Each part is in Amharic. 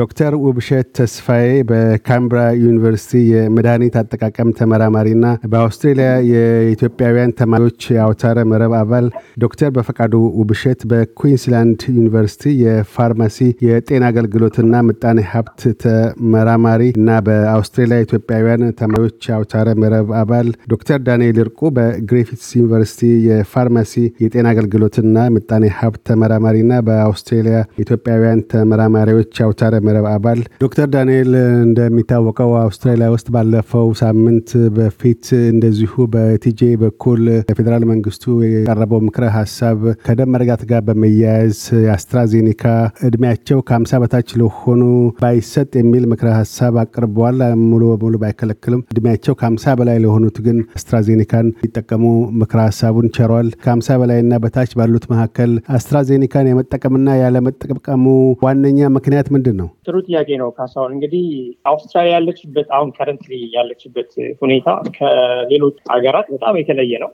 ዶክተር ውብሸት ተስፋዬ በካምብራ ዩኒቨርሲቲ የመድኃኒት አጠቃቀም ተመራማሪና በአውስትሬሊያ የኢትዮጵያውያን ተማሪዎች አውታረ መረብ አባል፣ ዶክተር በፈቃዱ ውብሸት በኩዊንስላንድ ዩኒቨርሲቲ የፋርማሲ የጤና አገልግሎትና ምጣኔ ሀብት ተመራማሪ እና በአውስትሬሊያ ኢትዮጵያውያን ተማሪዎች አውታረ መረብ አባል፣ ዶክተር ዳንኤል እርቁ በግሪፊትስ ዩኒቨርሲቲ የፋርማሲ የጤና አገልግሎትና ምጣኔ ሀብት ተመራማሪና በአውስትሬሊያ ኢትዮጵያውያን ተመራማሪዎች አውታረ መረብ አባል ዶክተር ዳንኤል እንደሚታወቀው አውስትራሊያ ውስጥ ባለፈው ሳምንት በፊት እንደዚሁ በቲጄ በኩል የፌዴራል መንግስቱ የቀረበው ምክረ ሀሳብ ከደም መርጋት ጋር በመያያዝ አስትራዜኒካ እድሜያቸው ከአምሳ በታች ለሆኑ ባይሰጥ የሚል ምክረ ሀሳብ አቅርበዋል። ሙሉ በሙሉ ባይከለክልም እድሜያቸው ከአምሳ በላይ ለሆኑት ግን አስትራዜኒካን ይጠቀሙ ምክረ ሀሳቡን ቸሯል። ከአምሳ በላይና በታች ባሉት መካከል አስትራዜኒካን የመጠቀምና ያለመጠቀሙ ዋነኛ ምክንያት ምንድን ነው? ጥሩ ጥያቄ ነው ካሳሁን። እንግዲህ አውስትራሊያ ያለችበት አሁን ከረንትሊ ያለችበት ሁኔታ ከሌሎች ሀገራት በጣም የተለየ ነው።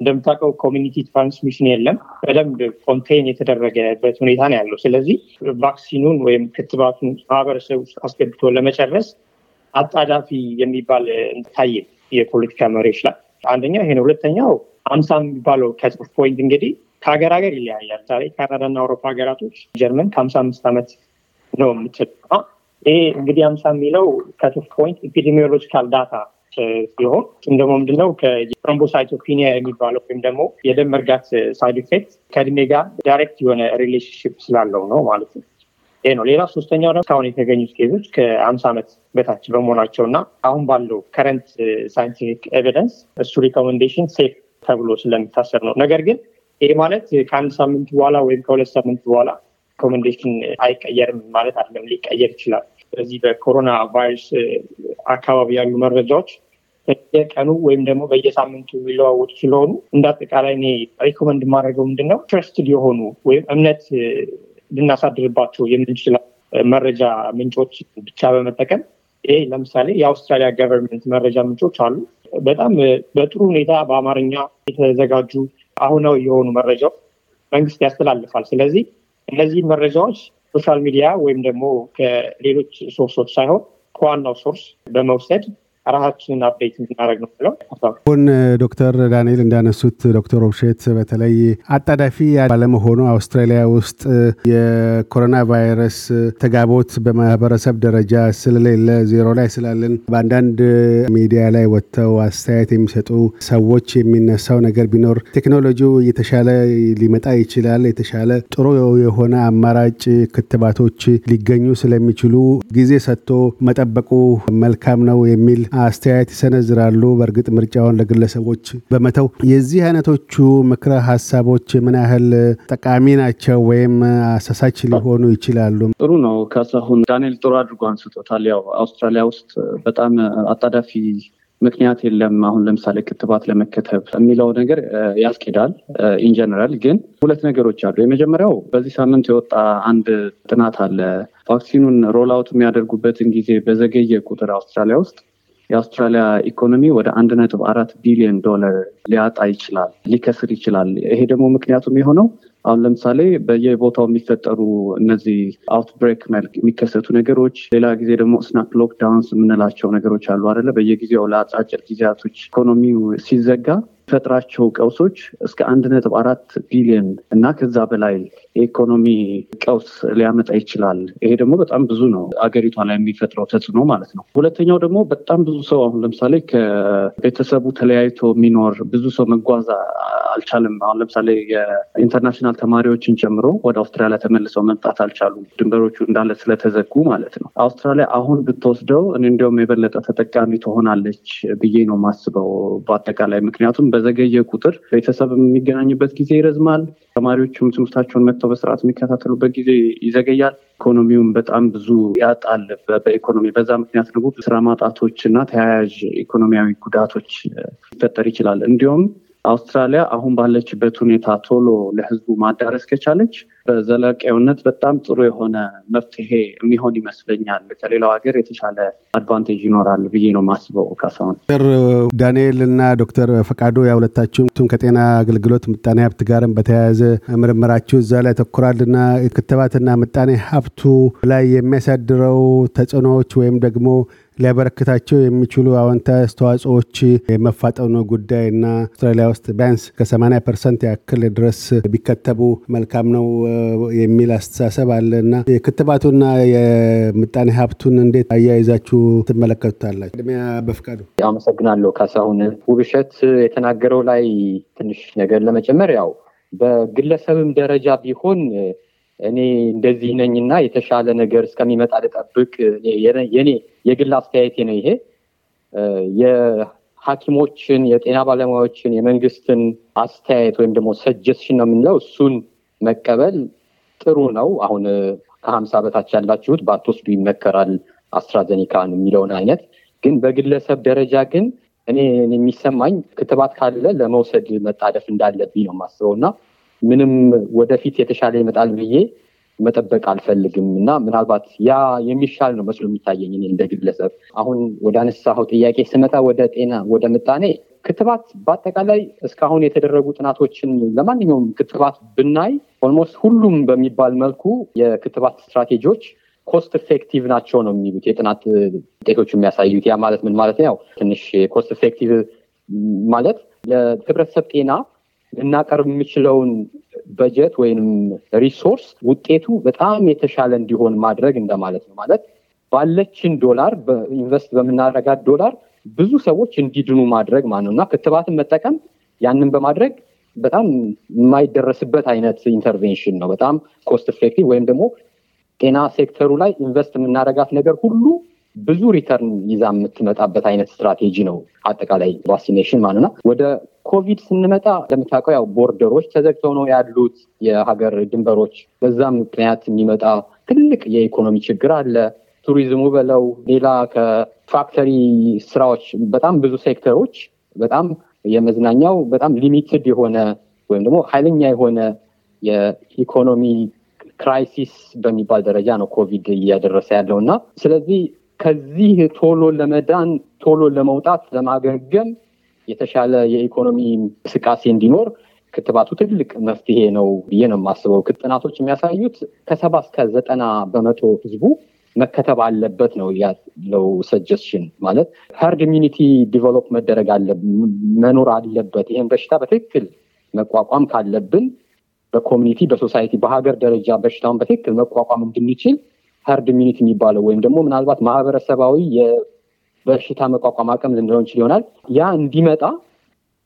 እንደምታውቀው ኮሚኒቲ ትራንስሚሽን የለም። በደንብ ኮንቴን የተደረገበት ሁኔታ ነው ያለው። ስለዚህ ቫክሲኑን ወይም ክትባቱን ማህበረሰብ ውስጥ አስገብቶ ለመጨረስ አጣዳፊ የሚባል ታየ የፖለቲካ መሪዎች ላይ አንደኛ ይሄ ነው። ሁለተኛው አምሳ የሚባለው ከጽፍ ፖይንት እንግዲህ ከሀገር ሀገር ይለያያል። ዛሬ ካናዳና አውሮፓ ሀገራቶች ጀርመን ከሀምሳ አምስት ዓመት ነው የምችለው። ይህ እንግዲህ አምሳ የሚለው ከቱፍ ፖይንት ኢፒዲሚዮሎጂካል ዳታ ሲሆን እሱም ደግሞ ምንድነው ከትሮምቦሳይቶፒኒያ የሚባለው ወይም ደግሞ የደም መርጋት ሳይድ ኢፌክት ከእድሜ ጋር ዳይሬክት የሆነ ሪሌሽንሽፕ ስላለው ነው ማለት ነው። ይሄ ነው። ሌላ ሶስተኛው ደግሞ እስካሁን የተገኙት ኬዞች ከአምሳ ዓመት በታች በመሆናቸው እና አሁን ባለው ከረንት ሳይንቲፊክ ኤቪደንስ እሱ ሪኮመንዴሽን ሴፍ ተብሎ ስለሚታሰብ ነው። ነገር ግን ይህ ማለት ከአንድ ሳምንት በኋላ ወይም ከሁለት ሳምንት በኋላ ሪኮመንዴሽን አይቀየርም ማለት አለም ሊቀየር ይችላል። በዚህ በኮሮና ቫይረስ አካባቢ ያሉ መረጃዎች በየቀኑ ወይም ደግሞ በየሳምንቱ የሚለዋወጡ ስለሆኑ እንደ አጠቃላይ እኔ ሪኮመንድ የማደርገው ምንድነው ትረስትድ የሆኑ ወይም እምነት ልናሳድርባቸው የምንችላ መረጃ ምንጮች ብቻ በመጠቀም ይህ ለምሳሌ የአውስትራሊያ ገቨርንመንት መረጃ ምንጮች አሉ። በጣም በጥሩ ሁኔታ በአማርኛ የተዘጋጁ አሁናዊ የሆኑ መረጃዎች መንግስት ያስተላልፋል። ስለዚህ እነዚህ መረጃዎች ሶሻል ሚዲያ ወይም ደግሞ ከሌሎች ሶርሶች ሳይሆን ከዋናው ሶርስ በመውሰድ ራሳችንን አፕዴት እንድናደረግ ነው ብለው አሁን ዶክተር ዳንኤል እንዳነሱት ዶክተር ኦብሼት በተለይ አጣዳፊ ባለመሆኑ አውስትራሊያ ውስጥ የኮሮና ቫይረስ ተጋቦት በማህበረሰብ ደረጃ ስለሌለ ዜሮ ላይ ስላለን በአንዳንድ ሚዲያ ላይ ወጥተው አስተያየት የሚሰጡ ሰዎች የሚነሳው ነገር ቢኖር ቴክኖሎጂው እየተሻለ ሊመጣ ይችላል፣ የተሻለ ጥሩ የሆነ አማራጭ ክትባቶች ሊገኙ ስለሚችሉ ጊዜ ሰጥቶ መጠበቁ መልካም ነው የሚል አስተያየት ይሰነዝራሉ። በእርግጥ ምርጫውን ለግለሰቦች በመተው የዚህ አይነቶቹ ምክረ ሀሳቦች ምን ያህል ጠቃሚ ናቸው ወይም አሳሳች ሊሆኑ ይችላሉ? ጥሩ ነው። ካሳሁን ዳንኤል ጥሩ አድርጎ አንስቶታል። ያው አውስትራሊያ ውስጥ በጣም አጣዳፊ ምክንያት የለም። አሁን ለምሳሌ ክትባት ለመከተብ የሚለው ነገር ያስኬዳል። ኢንጀነራል ግን ሁለት ነገሮች አሉ። የመጀመሪያው በዚህ ሳምንት የወጣ አንድ ጥናት አለ። ቫክሲኑን ሮል አውት የሚያደርጉበትን ጊዜ በዘገየ ቁጥር አውስትራሊያ ውስጥ የአውስትራሊያ ኢኮኖሚ ወደ አንድ ነጥብ አራት ቢሊዮን ዶላር ሊያጣ ይችላል፣ ሊከስር ይችላል። ይሄ ደግሞ ምክንያቱም የሆነው አሁን ለምሳሌ በየቦታው የሚፈጠሩ እነዚህ አውትብሬክ መልክ የሚከሰቱ ነገሮች፣ ሌላ ጊዜ ደግሞ ስናፕ ሎክዳውንስ የምንላቸው ነገሮች አሉ አይደለ? በየጊዜው ለአጫጭር ጊዜያቶች ኢኮኖሚው ሲዘጋ የሚፈጥራቸው ቀውሶች እስከ አንድ ነጥብ አራት ቢሊዮን እና ከዛ በላይ የኢኮኖሚ ቀውስ ሊያመጣ ይችላል። ይሄ ደግሞ በጣም ብዙ ነው፣ አገሪቷ ላይ የሚፈጥረው ተጽዕኖ ማለት ነው። ሁለተኛው ደግሞ በጣም ብዙ ሰው አሁን ለምሳሌ ከቤተሰቡ ተለያይቶ የሚኖር ብዙ ሰው መጓዝ አልቻለም። አሁን ለምሳሌ የኢንተርናሽናል ተማሪዎችን ጨምሮ ወደ አውስትራሊያ ተመልሰው መምጣት አልቻሉም፣ ድንበሮቹ እንዳለ ስለተዘጉ ማለት ነው። አውስትራሊያ አሁን ብትወስደው እኔ እንዲያውም የበለጠ ተጠቃሚ ትሆናለች ብዬ ነው የማስበው በአጠቃላይ ምክንያቱም በዘገየ ቁጥር ቤተሰብ የሚገናኝበት ጊዜ ይረዝማል። ተማሪዎችም ትምህርታቸውን መጥተው በስርዓት የሚከታተሉበት ጊዜ ይዘገያል። ኢኮኖሚውን በጣም ብዙ ያጣል። በኢኮኖሚ በዛ ምክንያት ደግሞ ስራ ማጣቶች እና ተያያዥ ኢኮኖሚያዊ ጉዳቶች ሊፈጠር ይችላል። እንዲሁም አውስትራሊያ አሁን ባለችበት ሁኔታ ቶሎ ለህዝቡ ማዳረስ ከቻለች በዘላቂያዊነት በጣም ጥሩ የሆነ መፍትሄ የሚሆን ይመስለኛል። ከሌላው ሀገር የተሻለ አድቫንቴጅ ይኖራል ብዬ ነው ማስበው። ካሳሁን ዶክተር ዳንኤል እና ዶክተር ፈቃዱ ያሁለታችሁም ከጤና አገልግሎት ምጣኔ ሀብት ጋርም በተያያዘ ምርምራችሁ እዛ ላይ ተኩራል እና ክትባትና ምጣኔ ሀብቱ ላይ የሚያሳድረው ተጽዕኖዎች ወይም ደግሞ ሊያበረክታቸው የሚችሉ አዎንታዊ አስተዋጽኦዎች የመፋጠኑ ጉዳይ እና አውስትራሊያ ውስጥ ቢያንስ ከ80 ፐርሰንት ያክል ድረስ ቢከተቡ መልካም ነው የሚል አስተሳሰብ አለና የክትባቱና የምጣኔ ሀብቱን እንዴት አያይዛችሁ ትመለከቱታላችሁ? ቅድሚያ በፍቃዱ አመሰግናለሁ። ካሳሁን ውብሸት የተናገረው ላይ ትንሽ ነገር ለመጨመር ያው በግለሰብም ደረጃ ቢሆን እኔ እንደዚህ ነኝና የተሻለ ነገር እስከሚመጣ ልጠብቅ፣ የኔ የግል አስተያየቴ ነው ይሄ የሐኪሞችን የጤና ባለሙያዎችን የመንግስትን አስተያየት ወይም ደግሞ ሰጀስሽን ነው የምንለው እሱን መቀበል ጥሩ ነው። አሁን ከሀምሳ በታች ያላችሁት በአትወስዱ ይመከራል አስትራዘኒካን የሚለውን አይነት ግን በግለሰብ ደረጃ ግን እኔ የሚሰማኝ ክትባት ካለ ለመውሰድ መጣደፍ እንዳለብኝ ነው የማስበው እና ምንም ወደፊት የተሻለ ይመጣል ብዬ መጠበቅ አልፈልግም እና ምናልባት ያ የሚሻል ነው መስሎ የሚታየኝ እንደ ግለሰብ። አሁን ወደ አነሳኸው ጥያቄ ስመጣ ወደ ጤና ወደ ምጣኔ ክትባት በአጠቃላይ እስካሁን የተደረጉ ጥናቶችን ለማንኛውም ክትባት ብናይ ኦልሞስት ሁሉም በሚባል መልኩ የክትባት ስትራቴጂዎች ኮስት ኢፌክቲቭ ናቸው ነው የሚሉት የጥናት ውጤቶች የሚያሳዩት። ያ ማለት ምን ማለት ያው ትንሽ ኮስት ኢፌክቲቭ ማለት ለህብረተሰብ ጤና ልናቀርብ የምችለውን በጀት ወይም ሪሶርስ ውጤቱ በጣም የተሻለ እንዲሆን ማድረግ እንደማለት ነው። ማለት ባለችን ዶላር ኢንቨስት በምናረጋት ዶላር ብዙ ሰዎች እንዲድኑ ማድረግ ማለት ነው እና ክትባትን መጠቀም ያንን በማድረግ በጣም የማይደረስበት አይነት ኢንተርቬንሽን ነው። በጣም ኮስት ኢፌክቲቭ ወይም ደግሞ ጤና ሴክተሩ ላይ ኢንቨስት የምናደርጋት ነገር ሁሉ ብዙ ሪተርን ይዛ የምትመጣበት አይነት ስትራቴጂ ነው አጠቃላይ ቫክሲኔሽን ማለት ነው። ወደ ኮቪድ ስንመጣ እንደምታውቀው ያው ቦርደሮች ተዘግተው ነው ያሉት የሀገር ድንበሮች። በዛም ምክንያት የሚመጣ ትልቅ የኢኮኖሚ ችግር አለ። ቱሪዝሙ በለው ሌላ ፋክተሪ ስራዎች በጣም ብዙ ሴክተሮች በጣም የመዝናኛው በጣም ሊሚትድ የሆነ ወይም ደግሞ ኃይለኛ የሆነ የኢኮኖሚ ክራይሲስ በሚባል ደረጃ ነው ኮቪድ እያደረሰ ያለው እና ስለዚህ ከዚህ ቶሎ ለመዳን ቶሎ ለመውጣት ለማገገም የተሻለ የኢኮኖሚ እንቅስቃሴ እንዲኖር ክትባቱ ትልቅ መፍትሄ ነው ብዬ ነው የማስበው። ጥናቶች የሚያሳዩት ከሰባ እስከ ዘጠና በመቶ ህዝቡ መከተብ አለበት ነው ያለው ሰጀስሽን። ማለት ሀርድ ኢሚኒቲ ዲቨሎፕ መደረግ አለ መኖር አለበት። ይህን በሽታ በትክክል መቋቋም ካለብን በኮሚኒቲ በሶሳይቲ፣ በሀገር ደረጃ በሽታውን በትክክል መቋቋም እንድንችል ሀርድ ኢሚኒቲ የሚባለው ወይም ደግሞ ምናልባት ማህበረሰባዊ የበሽታ መቋቋም አቅም ልንለው እንችል ይሆናል ያ እንዲመጣ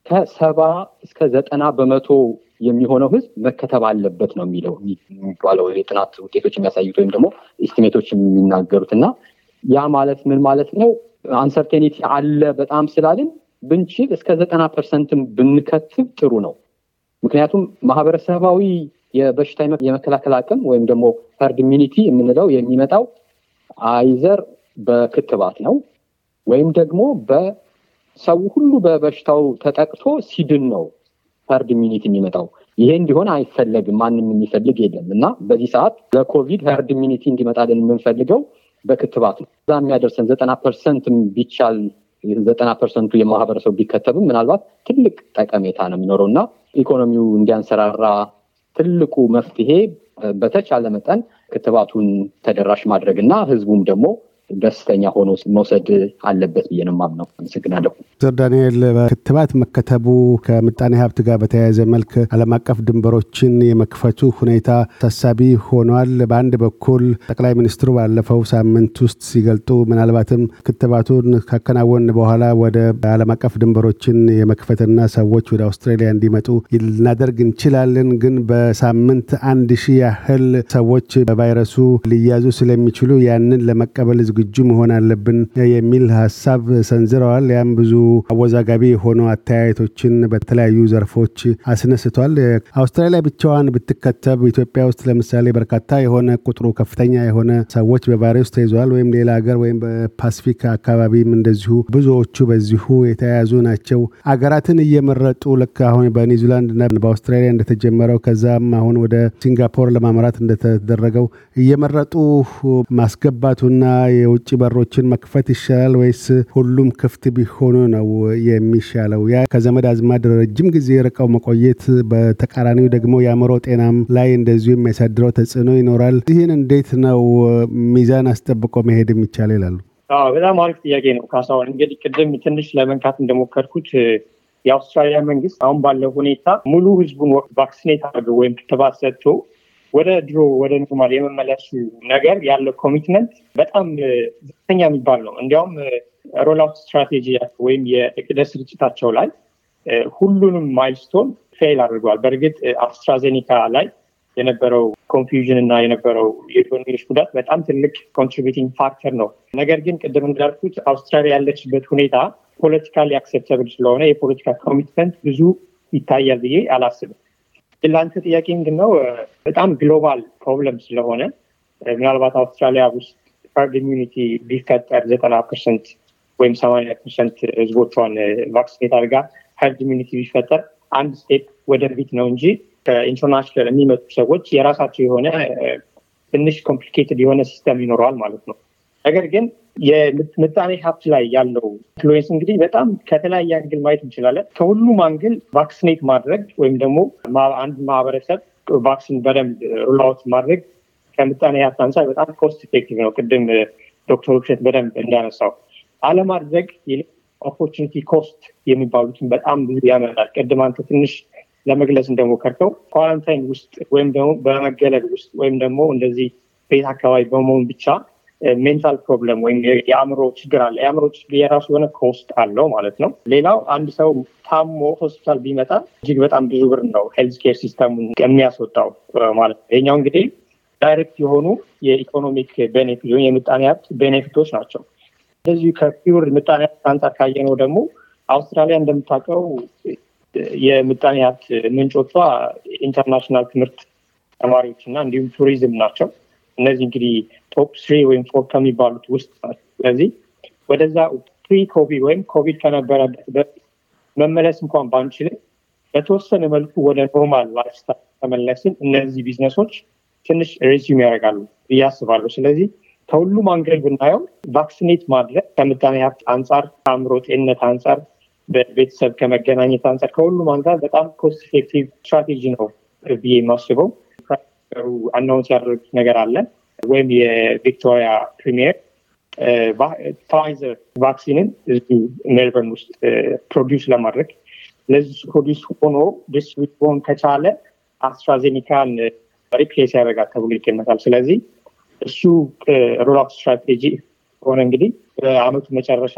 ከሰባ እስከ ዘጠና በመቶ የሚሆነው ህዝብ መከተብ አለበት ነው የሚለው የሚባለው የጥናት ውጤቶች የሚያሳዩት ወይም ደግሞ ኢስቲሜቶች የሚናገሩት እና ያ ማለት ምን ማለት ነው? አንሰርቴኒቲ አለ በጣም ስላልን ብንችል እስከ ዘጠና ፐርሰንትም ብንከትብ ጥሩ ነው። ምክንያቱም ማህበረሰባዊ የበሽታ የመከላከል አቅም ወይም ደግሞ ፈርድ ሚኒቲ የምንለው የሚመጣው አይዘር በክትባት ነው ወይም ደግሞ በሰው ሁሉ በበሽታው ተጠቅቶ ሲድን ነው ሀርድ ሚኒት የሚመጣው ይሄ እንዲሆን አይፈለግም። ማንም የሚፈልግ የለም እና በዚህ ሰዓት ለኮቪድ ሀርድ ሚኒቲ እንዲመጣልን የምንፈልገው በክትባት ነው። እዛ የሚያደርሰን ዘጠና ፐርሰንትም ቢቻል ዘጠና ፐርሰንቱ የማህበረሰቡ ቢከተብም ምናልባት ትልቅ ጠቀሜታ ነው የሚኖረው እና ኢኮኖሚው እንዲያንሰራራ ትልቁ መፍትሄ በተቻለ መጠን ክትባቱን ተደራሽ ማድረግ እና ህዝቡም ደግሞ ደስተኛ ሆኖ መውሰድ አለበት ብዬ ነው የማምነው። አመሰግናለሁ። ዶክተር ዳንኤል በክትባት መከተቡ ከምጣኔ ሀብት ጋር በተያያዘ መልክ ዓለም አቀፍ ድንበሮችን የመክፈቱ ሁኔታ ታሳቢ ሆኗል። በአንድ በኩል ጠቅላይ ሚኒስትሩ ባለፈው ሳምንት ውስጥ ሲገልጡ ምናልባትም ክትባቱን ካከናወን በኋላ ወደ ዓለም አቀፍ ድንበሮችን የመክፈትና ሰዎች ወደ አውስትራሊያ እንዲመጡ ልናደርግ እንችላለን፣ ግን በሳምንት አንድ ሺህ ያህል ሰዎች በቫይረሱ ሊያዙ ስለሚችሉ ያንን ለመቀበል ዝግ ዝግጁ መሆን አለብን የሚል ሀሳብ ሰንዝረዋል። ያም ብዙ አወዛጋቢ የሆኑ አተያየቶችን በተለያዩ ዘርፎች አስነስቷል። አውስትራሊያ ብቻዋን ብትከተብ ኢትዮጵያ ውስጥ ለምሳሌ በርካታ የሆነ ቁጥሩ ከፍተኛ የሆነ ሰዎች በቫይረሱ ተይዘዋል። ወይም ሌላ ሀገር ወይም በፓስፊክ አካባቢም እንደዚሁ ብዙዎቹ በዚሁ የተያያዙ ናቸው። አገራትን እየመረጡ ልክ አሁን በኒውዚላንድና በአውስትራሊያ እንደተጀመረው ከዛም አሁን ወደ ሲንጋፖር ለማምራት እንደተደረገው እየመረጡ ማስገባቱና የውጭ በሮችን መክፈት ይሻላል ወይስ ሁሉም ክፍት ቢሆኑ ነው የሚሻለው? ያ ከዘመድ አዝማድ ረጅም ጊዜ ርቀው መቆየት፣ በተቃራኒው ደግሞ የአእምሮ ጤናም ላይ እንደዚሁ የሚያሳድረው ተጽዕኖ ይኖራል። ይህን እንዴት ነው ሚዛን አስጠብቆ መሄድም የሚቻል ይላሉ? በጣም አሪፍ ጥያቄ ነው ካሳሁን። እንግዲህ ቅድም ትንሽ ለመንካት እንደሞከርኩት የአውስትራሊያ መንግስት አሁን ባለው ሁኔታ ሙሉ ህዝቡን ቫክሲኔት አድርጎ ወይም ክትባት ሰጥቶ ወደ ድሮ ወደ ኖርማል የመመለሱ ነገር ያለው ኮሚትመንት በጣም ዝቅተኛ የሚባል ነው። እንዲያውም ሮልአውት ስትራቴጂ ወይም የእቅደ ስርጭታቸው ላይ ሁሉንም ማይልስቶን ፌል አድርጓል። በእርግጥ አስትራዜኒካ ላይ የነበረው ኮንፊውዥን እና የነበረው የኢኮኖሚዎች ጉዳት በጣም ትልቅ ኮንትሪቢቲንግ ፋክተር ነው። ነገር ግን ቅድም እንዳልኩት አውስትራሊያ ያለችበት ሁኔታ ፖለቲካሊ አክሴፕተብል ስለሆነ የፖለቲካ ኮሚትመንት ብዙ ይታያል ብዬ አላስብም። ለአንተ ጥያቄ ነው በጣም ግሎባል ፕሮብለም ስለሆነ ምናልባት አውስትራሊያ ውስጥ ሃርድ ኢሚዩኒቲ ቢፈጠር ዘጠና ፐርሰንት ወይም ሰማኒያ ፐርሰንት ህዝቦቿን ቫክሲኔት አድርጋ ሀርድ ኢሚኒቲ ቢፈጠር አንድ ስቴፕ ወደፊት ነው እንጂ ከኢንተርናሽናል የሚመጡ ሰዎች የራሳቸው የሆነ ትንሽ ኮምፕሊኬትድ የሆነ ሲስተም ይኖረዋል ማለት ነው። ነገር ግን የምጣኔ ሀብት ላይ ያለው ኢንፍሉዌንስ እንግዲህ በጣም ከተለያየ አንግል ማየት እንችላለን። ከሁሉም አንግል ቫክሲኔት ማድረግ ወይም ደግሞ አንድ ማህበረሰብ ቫክሲን በደንብ ሩላውት ማድረግ ከምጣኔ ሀብት አንጻር በጣም ኮስት ኢፌክቲቭ ነው። ቅድም ዶክተር ውብሸት በደንብ እንዳነሳው አለማድረግ ኦፖርቹኒቲ ኮስት የሚባሉትን በጣም ብዙ ያመጣል። ቅድም አንተ ትንሽ ለመግለጽ እንደሞከርከው ኳራንታይን ውስጥ ወይም ደግሞ በመገለል ውስጥ ወይም ደግሞ እንደዚህ ቤት አካባቢ በመሆን ብቻ ሜንታል ፕሮብለም ወይም የአእምሮ ችግር አለ። የአእምሮ ችግር የራሱ የሆነ ኮስት አለው ማለት ነው። ሌላው አንድ ሰው ታሞ ሆስፒታል ቢመጣ እጅግ በጣም ብዙ ብር ነው ሄልዝ ኬር ሲስተሙን የሚያስወጣው ማለት ነው። ይኛው እንግዲህ ዳይሬክት የሆኑ የኢኮኖሚክ ቤኔፊት ወይም የምጣኔ ሀብት ቤኔፊቶች ናቸው። እንደዚህ ከፒውር ምጣኔ ሀብት አንጻር ካየነው ደግሞ አውስትራሊያ እንደምታውቀው የምጣኔ ሀብት ምንጮቿ ኢንተርናሽናል ትምህርት ተማሪዎች እና እንዲሁም ቱሪዝም ናቸው። እነዚህ እንግዲህ ቶፕ ስሪ ወይም ፎር ከሚባሉት ውስጥ ስለዚህ ወደዛ ፕሪ ኮቪድ ወይም ኮቪድ ከነበረበት በፊት መመለስ እንኳን ባንችልም በተወሰነ መልኩ ወደ ኖርማል ላይፍስታይል ተመለስን፣ እነዚህ ቢዝነሶች ትንሽ ሬዚም ያደርጋሉ ብዬ ስለዚህ ከሁሉም አንገል ብናየው ቫክሲኔት ማድረግ ከምጣኔ ሀብት አንጻር፣ ከአእምሮ ጤንነት አንጻር፣ በቤተሰብ ከመገናኘት አንጻር ከሁሉም አንጻር በጣም ኮስት ኢፌክቲቭ ስትራቴጂ ነው ብዬ የማስበው። ዳይሬክተሩ አናውንስ ያደረጉት ነገር አለ ወይም የቪክቶሪያ ፕሪሚየር ፋይዘር ቫክሲንን እዚ ሜልበርን ውስጥ ፕሮዲስ ለማድረግ ለዚህ ፕሮዲስ ሆኖ ዲስትሪት ሆን ከቻለ አስትራዜኒካን ሪፕሌስ ያደርጋል ተብሎ ይገመታል። ስለዚህ እሱ ሮል ስትራቴጂ ሆነ እንግዲህ በአመቱ መጨረሻ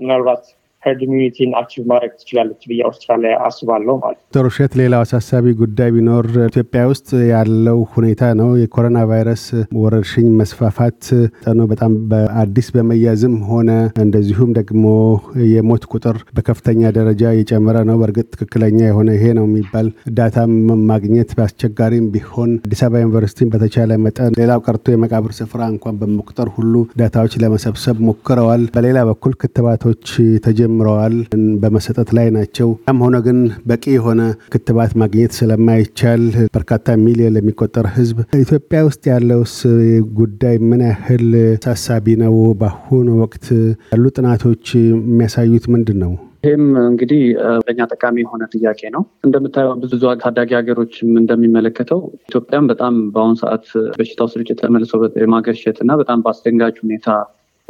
ምናልባት ሄርድ ኢሚዩኒቲን አክቲቭ ማድረግ ትችላለች ብዬ አውስትራሊያ አስባለሁ። ማለት ዶክተር ውሸት ሌላው አሳሳቢ ጉዳይ ቢኖር ኢትዮጵያ ውስጥ ያለው ሁኔታ ነው። የኮሮና ቫይረስ ወረርሽኝ መስፋፋት ጠኖ በጣም በአዲስ በመያዝም ሆነ እንደዚሁም ደግሞ የሞት ቁጥር በከፍተኛ ደረጃ እየጨመረ ነው። በእርግጥ ትክክለኛ የሆነ ይሄ ነው የሚባል ዳታ ማግኘት በአስቸጋሪም ቢሆን አዲስ አበባ ዩኒቨርሲቲን በተቻለ መጠን ሌላው ቀርቶ የመቃብር ስፍራ እንኳን በመቁጠር ሁሉ ዳታዎች ለመሰብሰብ ሞክረዋል። በሌላ በኩል ክትባቶች ተጀ ጀምረዋል፣ በመሰጠት ላይ ናቸው። ያም ሆነ ግን በቂ የሆነ ክትባት ማግኘት ስለማይቻል በርካታ ሚሊዮን ለሚቆጠር ህዝብ ኢትዮጵያ ውስጥ ያለውስ ጉዳይ ምን ያህል ሳሳቢ ነው? በአሁኑ ወቅት ያሉ ጥናቶች የሚያሳዩት ምንድን ነው? ይህም እንግዲህ በኛ ጠቃሚ የሆነ ጥያቄ ነው። እንደምታየው ብዙ ታዳጊ ሀገሮችም እንደሚመለከተው ኢትዮጵያም በጣም በአሁኑ ሰዓት በሽታው ስርጭት ተመልሶ የማገርሸት እና በጣም በአስደንጋጭ ሁኔታ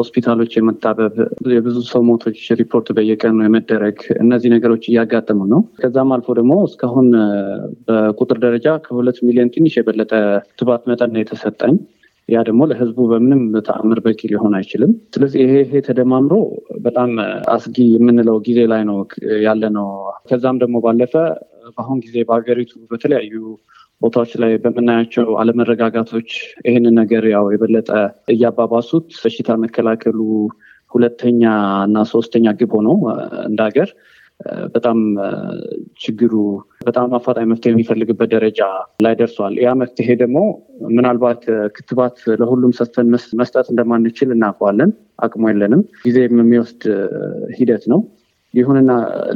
ሆስፒታሎች የመጣበብ የብዙ ሰው ሞቶች ሪፖርት በየቀኑ የመደረግ እነዚህ ነገሮች እያጋጠሙ ነው። ከዛም አልፎ ደግሞ እስካሁን በቁጥር ደረጃ ከሁለት ሚሊዮን ትንሽ የበለጠ ክትባት መጠን ነው የተሰጠኝ። ያ ደግሞ ለህዝቡ በምንም ተአምር በቂ ሊሆን አይችልም። ስለዚህ ይሄ ይሄ ተደማምሮ በጣም አስጊ የምንለው ጊዜ ላይ ነው ያለ ነው። ከዛም ደግሞ ባለፈ በአሁን ጊዜ በሀገሪቱ በተለያዩ ቦታዎች ላይ በምናያቸው አለመረጋጋቶች ይህንን ነገር ያው የበለጠ እያባባሱት በሽታ መከላከሉ ሁለተኛ እና ሶስተኛ ግብ ሆኖ እንደ ሀገር በጣም ችግሩ በጣም አፋጣኝ መፍትሄ የሚፈልግበት ደረጃ ላይ ደርሷል። ያ መፍትሄ ደግሞ ምናልባት ክትባት ለሁሉም ሰተን መስጠት እንደማንችል እናውቀዋለን። አቅሙ የለንም። ጊዜ የሚወስድ ሂደት ነው። ይሁንና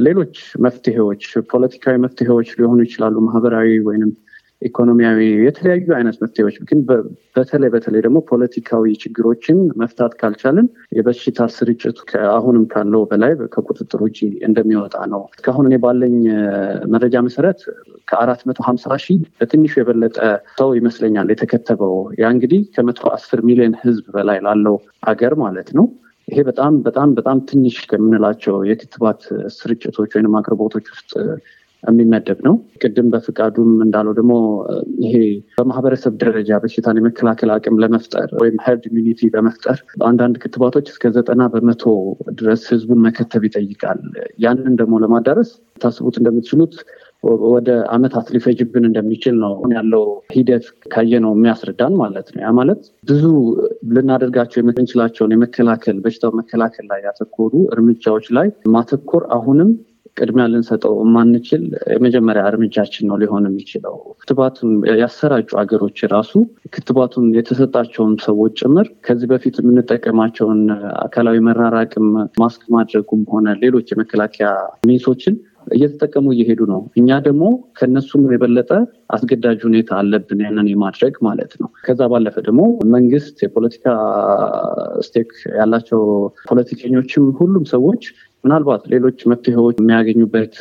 ሌሎች መፍትሄዎች፣ ፖለቲካዊ መፍትሄዎች ሊሆኑ ይችላሉ። ማህበራዊ ወይንም ኢኮኖሚያዊ፣ የተለያዩ አይነት መፍትሄዎች ግን በተለይ በተለይ ደግሞ ፖለቲካዊ ችግሮችን መፍታት ካልቻልን የበሽታ ስርጭቱ አሁንም ካለው በላይ ከቁጥጥር ውጭ እንደሚወጣ ነው። እስካሁን እኔ ባለኝ መረጃ መሰረት ከአራት መቶ ሀምሳ ሺህ በትንሹ የበለጠ ሰው ይመስለኛል የተከተበው። ያ እንግዲህ ከመቶ አስር ሚሊዮን ህዝብ በላይ ላለው አገር ማለት ነው። ይሄ በጣም በጣም በጣም ትንሽ ከምንላቸው የክትባት ስርጭቶች ወይም አቅርቦቶች ውስጥ የሚመደብ ነው። ቅድም በፍቃዱም እንዳለው ደግሞ ይሄ በማህበረሰብ ደረጃ በሽታን የመከላከል አቅም ለመፍጠር ወይም ሄርድ ኢሚኒቲ ለመፍጠር አንዳንድ ክትባቶች እስከ ዘጠና በመቶ ድረስ ህዝቡን መከተብ ይጠይቃል። ያንን ደግሞ ለማዳረስ ታስቡት እንደምትችሉት ወደ አመታት ሊፈጅብን እንደሚችል ነው ያለው ሂደት ካየ ነው የሚያስረዳን ማለት ነው። ያ ማለት ብዙ ልናደርጋቸው የምንችላቸውን የመከላከል በሽታው መከላከል ላይ ያተኮሩ እርምጃዎች ላይ ማተኮር አሁንም ቅድሚያ ልንሰጠው የማንችል የመጀመሪያ እርምጃችን ነው ሊሆን የሚችለው። ክትባቱን ያሰራጩ ሀገሮች ራሱ ክትባቱን የተሰጣቸውን ሰዎች ጭምር ከዚህ በፊት የምንጠቀማቸውን አካላዊ መራራቅም ማስክ ማድረጉም ሆነ ሌሎች የመከላከያ ሚንሶችን እየተጠቀሙ እየሄዱ ነው። እኛ ደግሞ ከነሱም የበለጠ አስገዳጅ ሁኔታ አለብን ያንን የማድረግ ማለት ነው። ከዛ ባለፈ ደግሞ መንግስት፣ የፖለቲካ ስቴክ ያላቸው ፖለቲከኞችም፣ ሁሉም ሰዎች ምናልባት ሌሎች መፍትሄዎች የሚያገኙበት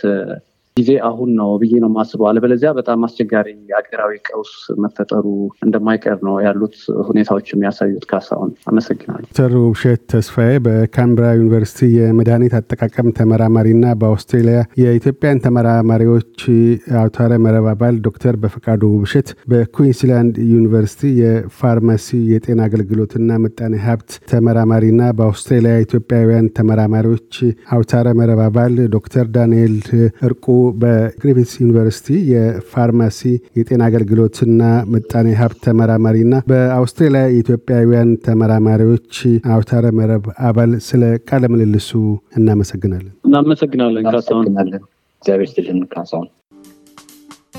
ጊዜ አሁን ነው ብዬ ነው የማስበው። አለበለዚያ በጣም አስቸጋሪ የሀገራዊ ቀውስ መፈጠሩ እንደማይቀር ነው ያሉት ሁኔታዎች የሚያሳዩት። ካሳሁን አመሰግናለሁ። ዶክተር ውብሸት ተስፋዬ በካምብራ ዩኒቨርሲቲ የመድኃኒት አጠቃቀም ተመራማሪና በአውስትሬሊያ የኢትዮጵያን ተመራማሪዎች አውታረ መረብ አባል ዶክተር በፈቃዱ ውብሸት በኩዊንስላንድ ዩኒቨርሲቲ የፋርማሲ የጤና አገልግሎትና ምጣኔ ሀብት ተመራማሪና በአውስትሬሊያ ኢትዮጵያውያን ተመራማሪዎች አውታረ መረብ አባል ዶክተር ዳንኤል እርቁ በግሪፊትስ ዩኒቨርሲቲ የፋርማሲ የጤና አገልግሎትና ምጣኔ ሀብት ተመራማሪና በአውስትራሊያ የኢትዮጵያውያን ተመራማሪዎች አውታረ መረብ አባል ስለ ቃለ ምልልሱ እናመሰግናለን። እናመሰግናለን እናመሰግናለን እግዚአብሔር ይስጥልን ካሳሁን።